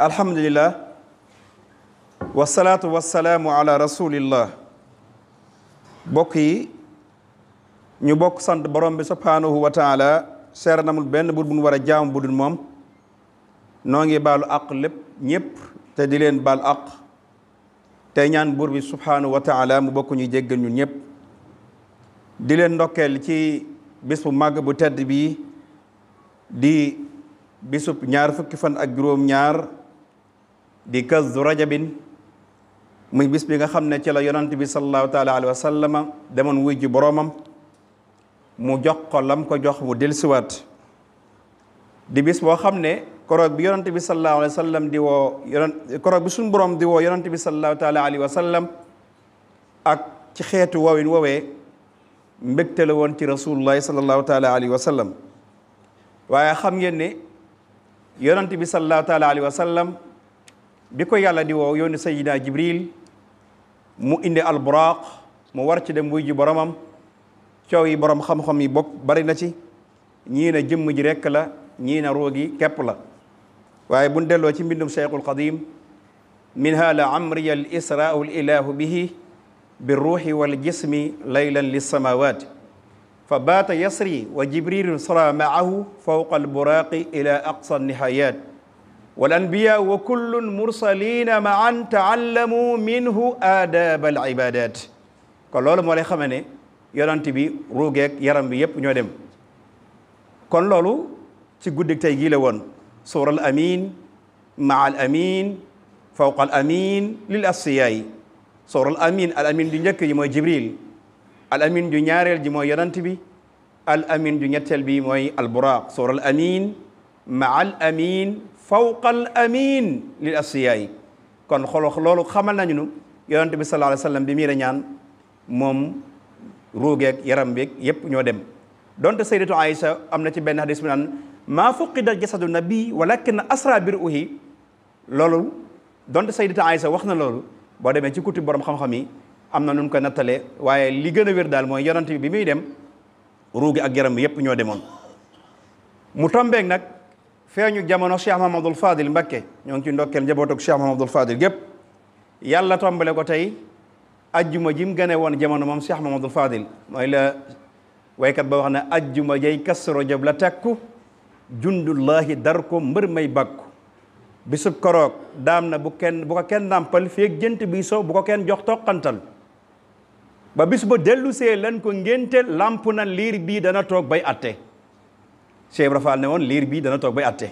alhamdulillah wasalaatu wasalaamu ala rasulillah bokk yi ñu bokk sant borom bi subhaanahu wa taala seera namul benn bur buñ war a jaam bu moom noo ngi baalu àq lépp ñépp te di leen baal ak te ñaan buur bi subhaanahu wa taala mu bokk ñu jéggal ñun leen ndokkeel ci bis bu màgg bu tedd bi di bisub ñaar fukki fan ak juróom ñaar di kasdu rajabin muy bis bi nga xam ne ci la yonant bi sallallahu taala alayhi wa demoon wuy ji boroomam mu jox ko lam ko jox mu dellusiwaat di bis boo xam ne koroog bi yonante bi sallallahu bi suñu borom di woo bi sallallahu taala alayhi wa ak ci xeetu woowin woowee mbégte la woon ci rasulullahi sallallahu taala alayhi wa waaye xam ngeen ne bi sallallahu taala alayhi wa bi ko yàlla di woo yónni sayidina jibril mu indi alburaq mu war ci dem wuy ji boromam coow yi borom xam-xam yi bokk bari na ci ñii na jëmm ji rekk la ñii na roo képp la waaye buñ delloo ci mbindum cheikhul qadim min ha la amriya al israau l ilahu bihi bi ruuxi wal jismi laylan fa baata yasri wa jibrilu sara maahu fawqa alburaqi ila aqsa nihayat والأنبياء وكل مرسلين معا تعلموا منه آداب العبادات kon loolu moo lay xamee ne yonent bi ruugeeg yaram bi yëpp ñoo dem kon loolu ci guddig tey gii la woon suura al amin maa al amin fawqa lil asiyaayi suura amin al amin ju njëkk ji mooy jibril al amin ju ji mooy yonent bi al amin ju ñetteel bi mooy al amin maa al fawqal amin lil asiyaay kon xolo loolu xamal nañu nu yonent bi sallallahu alayhi wa bi miir a ñaan moom ruugeeg yaram beeg yépp ñoo dem donte sayyidatu Aïsa am na ci benn hadis bi naan maa fuqida jasadu nabi walakin asra bir uhi loolu donte sayyidatu Aïsa wax na loolu boo demee ci kutub borom xam yi am na nu ko nattalee waaye li gën a wér daal mooy yonent bi bi muy dem ruugi ak yaram bi yépp ñoo demoon mu tombeeg nag feeñu jamono Cheikh Mahamadul Fadil Mbakke ñoo ngi ci ndokkeel njabootug Cheikh Mahamadul Fadil gépp yàlla tombale ko tey ajuma jim mu gane woon jamono moom Cheikh Mahamadul Fadil mooy la waykat ba wax ne ajjuma jay Kazu Rajab la tekku jundullahi dar ko mbër may bàkku bisub koroog daam na bu kenn bu kenn nàmpal feeg jënt bi so bu ko kenn jox toqantal ba bis ba dellu see ko ngénte lamp na liir bii dana toog bay atte Cheikh Ibra ne woon liir bi dana toog bay atte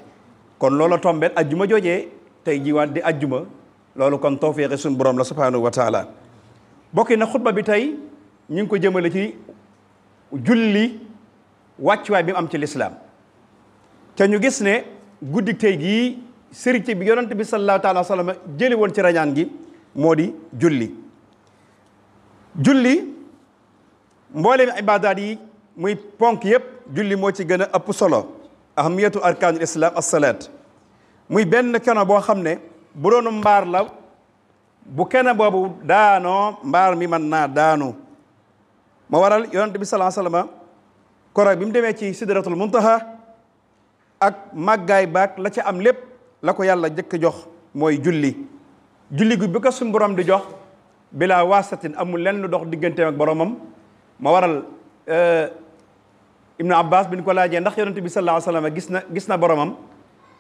kon loola tombet ajjuma joojee tey jiwaat di ajjuma loolu kon tawféexe suñu borom la subhanahu wa taala bokki na xutba bi tey ñu ngi ko jëmale ci julli wàccuwaay bi am ci lislaam te ñu gis ne guddi tey gi sërite bi yonante bi sallallahu taala wa sallam jëli woon ci rañaan gi moo di julli julli mboolem ibadaat yi muy ponk yépp julli moo ci gën a ëpp solo ahamiyatu arkaanul islam assalaat muy benn keno boo xam ne bu doonu mbaar la bu kene boobu daanoo mbaar mi mën naa daanu ma waral yonent bi salaa sallama koro bi mu demee ci sidratul muntaha ak màggaay baak la ci am lépp la ko yàlla jëkk jox mooy julli julli gu bi ko di jox bilaa waasatin amul lenn dox diggante ak boromam ma waral euh, ibnu abbas bi ñu ko laajee ndax yonente bi sallallahu alayhi wa gis na gis boromam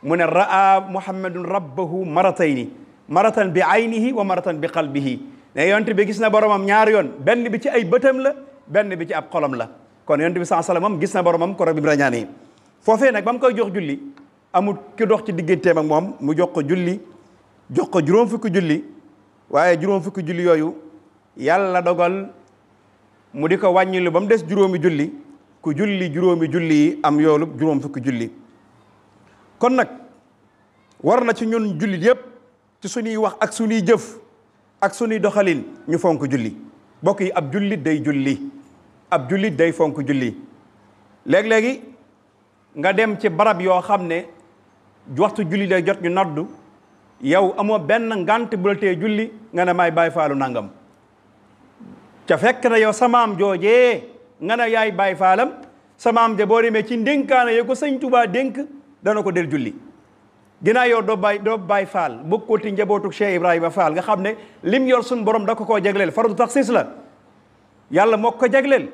mu ne raa muhammadun rabbahu maratayni maratan bi aynihi wa maratan bi qalbihi ne yonente bi gis na boromam ñaari yoon benn bi ci ay bëtam la benn bi ci ab xolam la kon yonente bi sallallahu alayhi wa sallam gis na boromam ko rabbi rañaani foofee nag ba mu koy jox julli amul ki dox ci digganteem ak moom mu jox ko julli jox ko juróom fukki julli waaye juróom fukki julli yooyu yàlla dogal mu di ko wàññilu ba mu des juróomi julli ku julli juróomi julli yi am yoolub juróom fukki julli kon nag war na ci ñun jullit yépp ci suñuy wax ak suñuy jëf ak suñuy doxalin ñu fonk julli bokk yi ab jullit day julli ab jullit day fonk julli léeg-léegi nga dem ci barab yoo xam ne waxtu julli day jot ñu noddu yow amoo benn ngante bu la julli nga ne maay bàyyi faalu nangam ca fekk na yow samaam joojee nga ne yaay baay faalam samaam ja boo demee ci ndénkaana yo ko sëñ tubaa dénk dana ko del julli ginnaaw yow doo bay doo bay faal bokkul ci njabootu Cheikh Ibrahima faal nga xam ne lim yor suñ borom da ko koo jagleel fardu taxsiis la yàlla moo ko jagleel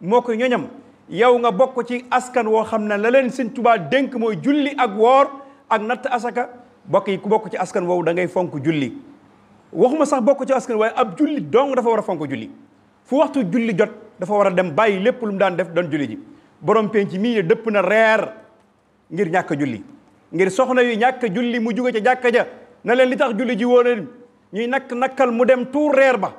moo ko ñoñam yow nga bokk ci askan woo xam ne laleen leen sëñ tubaa dénk mooy julli ak woor ak natt asaka bokk yi ku bokk ci askan woowu da ngay fonk julli waxuma sax bokk ci askan waaye ab julli dong dafa war a fonk julli fu waxtu julli jot dafa war a dem bàyyi lépp lu mu daan def doon julli ji borom penc mii ne dëpp na reer ngir ñàkk julli ngir soxna yu ñàkk julli mu juge ca jàkka ja na leen li tax julli ji woon ñuy nakk nakkal mu dem tuur reer ba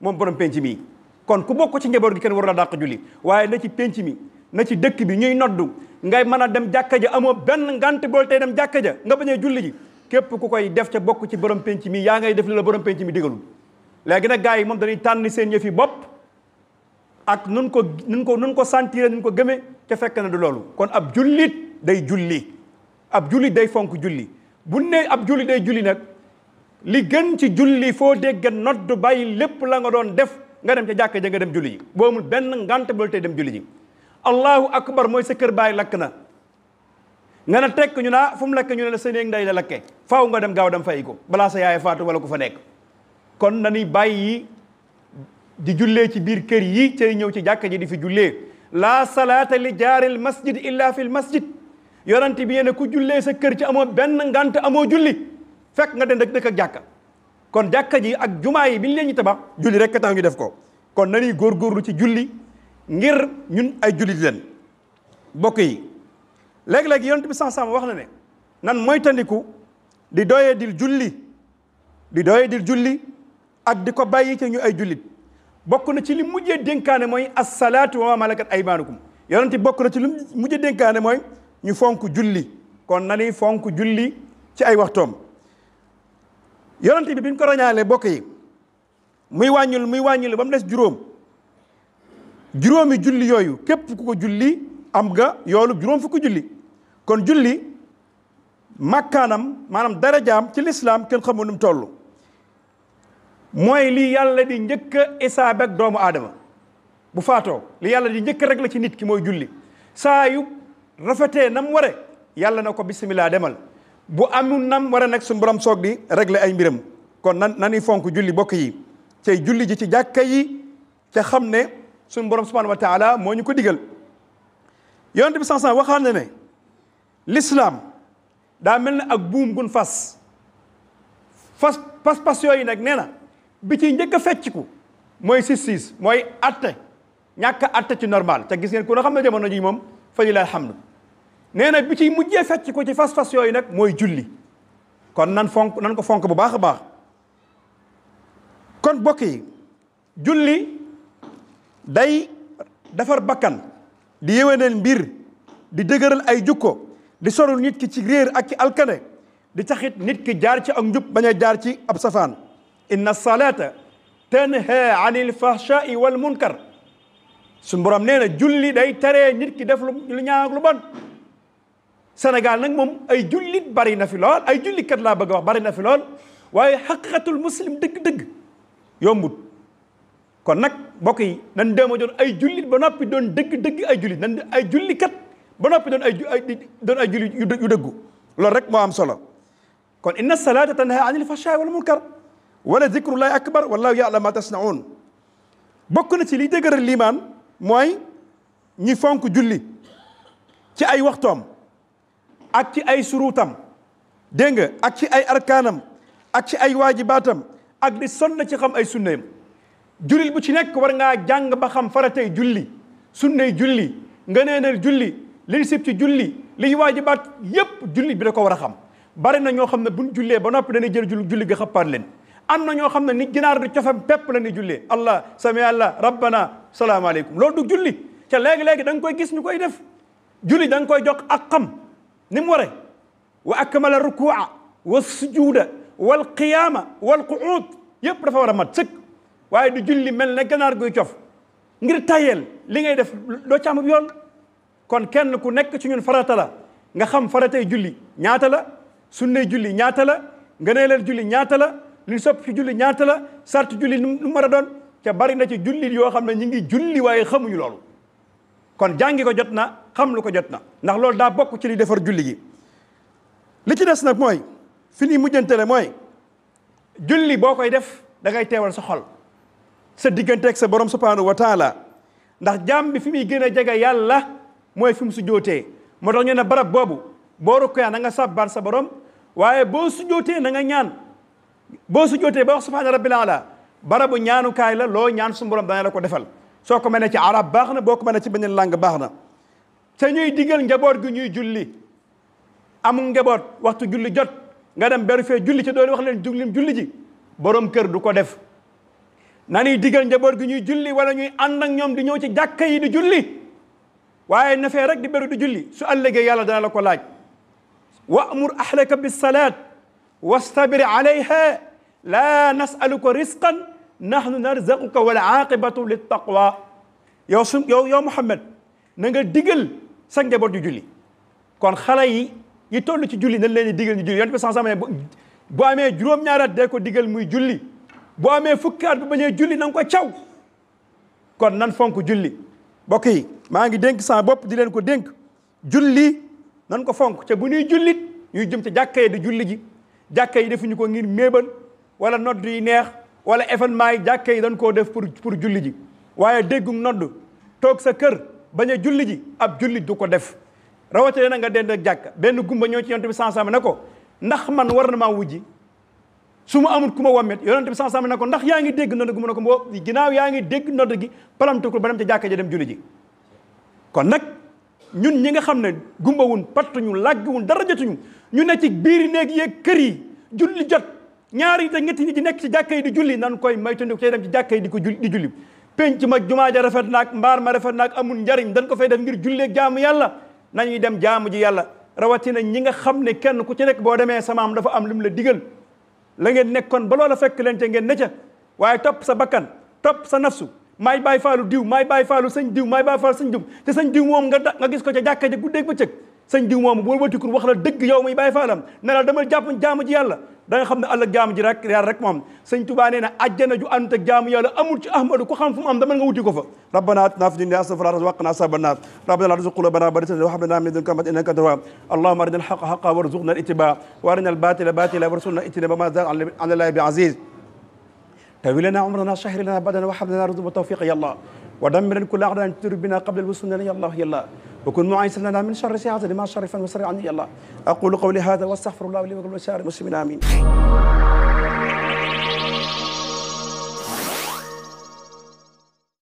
moom borom penc mii kon ku bokk ci njaboot gi kenn waru la dàq julli waaye na ci penc mi na ci dëkk bi ñuy noddu ngay mën a dem jàkk ja amoo benn ngant bool tey dem jàkk ja nga bañ a julli ji képp ku koy def ca bokk ci borom penc mi yaa ngay def li la borom penc mi digalul léegi nag gars yi moom dañuy tànn seen yëfi bopp ak nun ko nun ko nun ko sentir nun ko gëmee te fekk na du loolu kon ab jullit day julli ab jullit day fonk julli bu nee ab jullit day julli nag li gën ci julli foo dégg nodd bàyyi lépp la nga doon def nga dem ca jàkk ja nga dem julli ji boo amul benn ngànt bu la tey dem julli ji allahu akbar mooy sa kër baay lakk na nga ne tekk ñu naa fu mu lakk ñu ne la sa nday ndey la lakke faaw nga dem gaaw dem fay ko balaa sa yaay faatu wala ku fa nekk di jullee ci biir kër yi tey ñëw ci jàkka ji di fi jullee laa salaata li jaaril masjid illa fil masjid yonent bi ne ku jullee sa kër ci amoon benn ngante amoo julli fekk nga dem dëkk ak jàkka kon jàkka ji ak jumaa yi bi ñu leen ñu tabax julli rek tax ñu def ko kon nañuy góorgóorlu ci julli ngir ñun ay julli di leen bokk yi léeg-léeg bi bi sam wax na ne nan moytandiku di doyee dil julli di doyee dil julli ak di ko bàyyi ci ñu ay jullit bokk na ci li mujje dénkaane mooy assalaatu wa malakat aymaanukum yonente bokk na ci li mujjee dénkaane mooy ñu fonk julli kon nañuy fonk julli ci ay waxtoom yonente bi biñ ko rañaalee bokk yi muy wàññul muy wàññul ba mu des juróom juróomi julli yooyu képp ku ko julli am nga yoolu juróom fukki julli kon julli makkaanam maanaam darajaam ci lislaam kenn xamul nu toll mooy li yàlla di njëkk a doomu aadama bu faatoo li yàlla di njëkk rek la ci nit ki mooy julli saa yu rafetee nam ware yàlla na ko bisimilah demal bu amul nam ware nag suñu borom soog di régler ay mbiram kon nan nanuy fonk julli bokk yi tey julli ji ci jàkka yi ca xam ne suñu borom subhanahu wa moo ñu ko digal yonent bi sansan waxaan na ne l'islam daa mel ne ak buum gun fas fas pas pas yooyu nag nee na bi ci njëkk a fecciku mooy sis mooy atte ñàkk atte ci normal te gis ngeen ku la xam ne jamono ji moom fa xam alhamdu nee na bi ci mujjee ko ci fas-fas yooyu nag mooy julli kon nan fonk nan ko fonk bu baax a baax kon bokk yi julli day defar bakkan di yéwénal mbir di dëgëral ay jukko di sorul nit ki ci réer ak ci alkane di taxit nit ki jaar ci ak njub bañ a jaar ci ab safaan inna salata tanha anil fahshai wal munkar suñ borom nee na julli day tere nit ki def lu ñaaw ak lu bon nag moom ay jullit bari na fi lool ay jullikat laa bëgg a wax bari na fi lool waaye xaqiqatul muslim dëgg-dëgg yombut kon nag mbokk yi nan deema doon ay jullit ba noppi doon dëgg-dëgg ay jullit nan ay jullikat ba noppi doon ay doon ay jullit yu dëggu loolu rek moo am solo kon inna salaata tanha anil fahshaai wal munkar wala dikrullahi akbar wallahu yàlla ma tasnaun bokk na ci liy dëgëral liimaan mooy ñi fonk julli ci ay waxtoom ak ci ay suruutam dégg nga ak ci ay arkaanam ak ci ay waajibaatam ak di sonn ci xam ay sunnayam jullit bu ci nekk war ngaa jàng ba xam faratay julli sunnay julli nga ngëneenal julli liñ sib ci julli liy waajibaat yépp jullit bi da ko war a xam bari na ñoo xam ne buñ jullee ba noppi dañuy jël julli ga xappaat leen am na ñoo xam ne ni ginaar du cofam pépp la ni jullee allah sami allah rabbana salaamaaleykum loolu du julli ca léegi-léegi danga koy gis ñu koy def julli danga koy jox ak xam ni mu ware wa akmala rukua wa sujuuda wa qiyaama wal quud yëpp dafa war a mat sëkk waaye du julli mel ne ganaar guy cof ngir tayel li ngay def loo ci am yoon kon kenn ku nekk ci ñun la nga xam faratay julli ñaata la sunnay julli ñaata la ngëneelal julli ñaata la li sopp ci julli ñaata la sart julli nu mu mën a doon te bari na ci jullit yoo xam ne ñu ngi julli waaye xamuñu loolu kon jàngi ko jot na xam lu ko jot na ndax loolu daa bokk ci li defar julli gi li ci des nag mooy fi ñuy mujjantale mooy julli boo koy def da ngay teewal sa xol sa diggante ak sa borom subhanahu wa taala ndax jaam bi fi muy gën a jege yàlla mooy fi mu su jootee moo tax ñu ne barab boobu boo rukkee na nga sàbbaar sa borom waaye boo su na nga ñaan boo su jotee ba wax subhaana rabbil ala barabu ñaanukaay la loo ñaan sumburam borom dana la ko defal soo ko mënee ci arab baax na boo ko mënee ci beneen langue baax na te ñuy digal njaboot gi ñuy julli amul njaboot waxtu julli jot nga dem beru fee julli ci doon wax leen jullim julli ji borom kër du ko def na ñuy digal njaboot gi ñuy julli wala ñuy ànd ak ñoom di ñëw ci jàkka yi di julli waaye na fee rek di beru di julli su ëllëgee yàlla dana la ko laaj wa'mur wastabir alayha laa nasaluka risqan nahnu narzaquka wal aqibatu lit taqwa yow su yow yow Muhammad na nga digal sa njaboot yu julli kon xale yi yi toll ci julli nañ leen di digal ñu julli yonent bi sans ne bo amee juróom-ñaari at ko digal muy julli bu amee fukki at ba bañee julli na ko caw kon nan fonk julli mbokk yi maa ngi dénk sama bopp di ko dénk julli nan ko fonk te bu ñuy jullit ñuy jëm ci jàkkee di julli ji jàkka yi defuñu ko ngir meeban wala nodd yi neex wala événement yi jàkka yi dañ koo def pour pour julli ji waaye déggum nodd toog sa kër bañ a julli ji ab julli du ko def rawatina na nga dend ak jàkka benn gumba ñoo ci yonent bi sansam ne ko ndax man war na maa wujji su ma amul ku ma wammet yonent bi sansam ne ko ndax yaa ngi dégg nodd gu mu ne ko ginaaw yaa ngi dégg nodd gi palamtukul ba dem ca jàkka ja dem julli ji kon nag ñun ñi nga xam ne gumbawun pattuñu làggiwun dara jotuñu ñu ne ci biir néeg yeeg kër yi julli jot ñaari te ñetti nit ci nekk ci jàkka yi di julli nan koy maytandiku tey dem ci jàkka yi di julli penc ma jumaa ja rafet naag mbaar ma rafet naag amul njariñ dañ ko fay def ngir julleeg jaamu yàlla nañuy dem jaamu ji yàlla rawatina ñi nga xam ne kenn ku ci nekk boo demee samaam dafa am lu mu la digal la ngeen nekkoon ba loola fekk leen te ngeen ne ca waaye topp sa bakkan topp sa nafsu maay bàyyi faalu diw maay bàyyi faalu sëñ diw maay bàyyi faalu sëñ diw te sëñ diw moom nga nga gis ko ca jàkka ja guddeeg bëccëg sëñ diw moom boo wëtikul wax la dëgg yow muy bàyyi faalam ne la dama jàpp jaamu ji yàlla da nga xam ne ëllëg jaamu ji rek yàlla rek moom sëñ tubaa nee na àjjana ju ànd ak jaamu yàlla amul ci ahmadu ko xam fu mu am dama nga wuti ko fa rabbana atina fid dunya hasanatan wa qina waqna azaban nar rabbana la tuzigh qulubana ba'da idh hadaytana wa hab lana min ladunka rahmatan innaka antal wahhab allahumma arina al haqqa haqqan warzuqna ittiba'a wa arina al batila batila warzuqna ijtinaba ma zala ala llahi bi aziz تاوي لنا عمرنا شهر لنا بدنا وحب لنا رزق وتوفيق يا الله ودمر كل أعداء تدر بنا قبل الوصول لنا يا الله يا الله وكن معيسا لنا من شر سيعة لما شرفا وسر عني يا الله أقول قولي هذا واستغفر الله لي ولسائر المسلمين آمين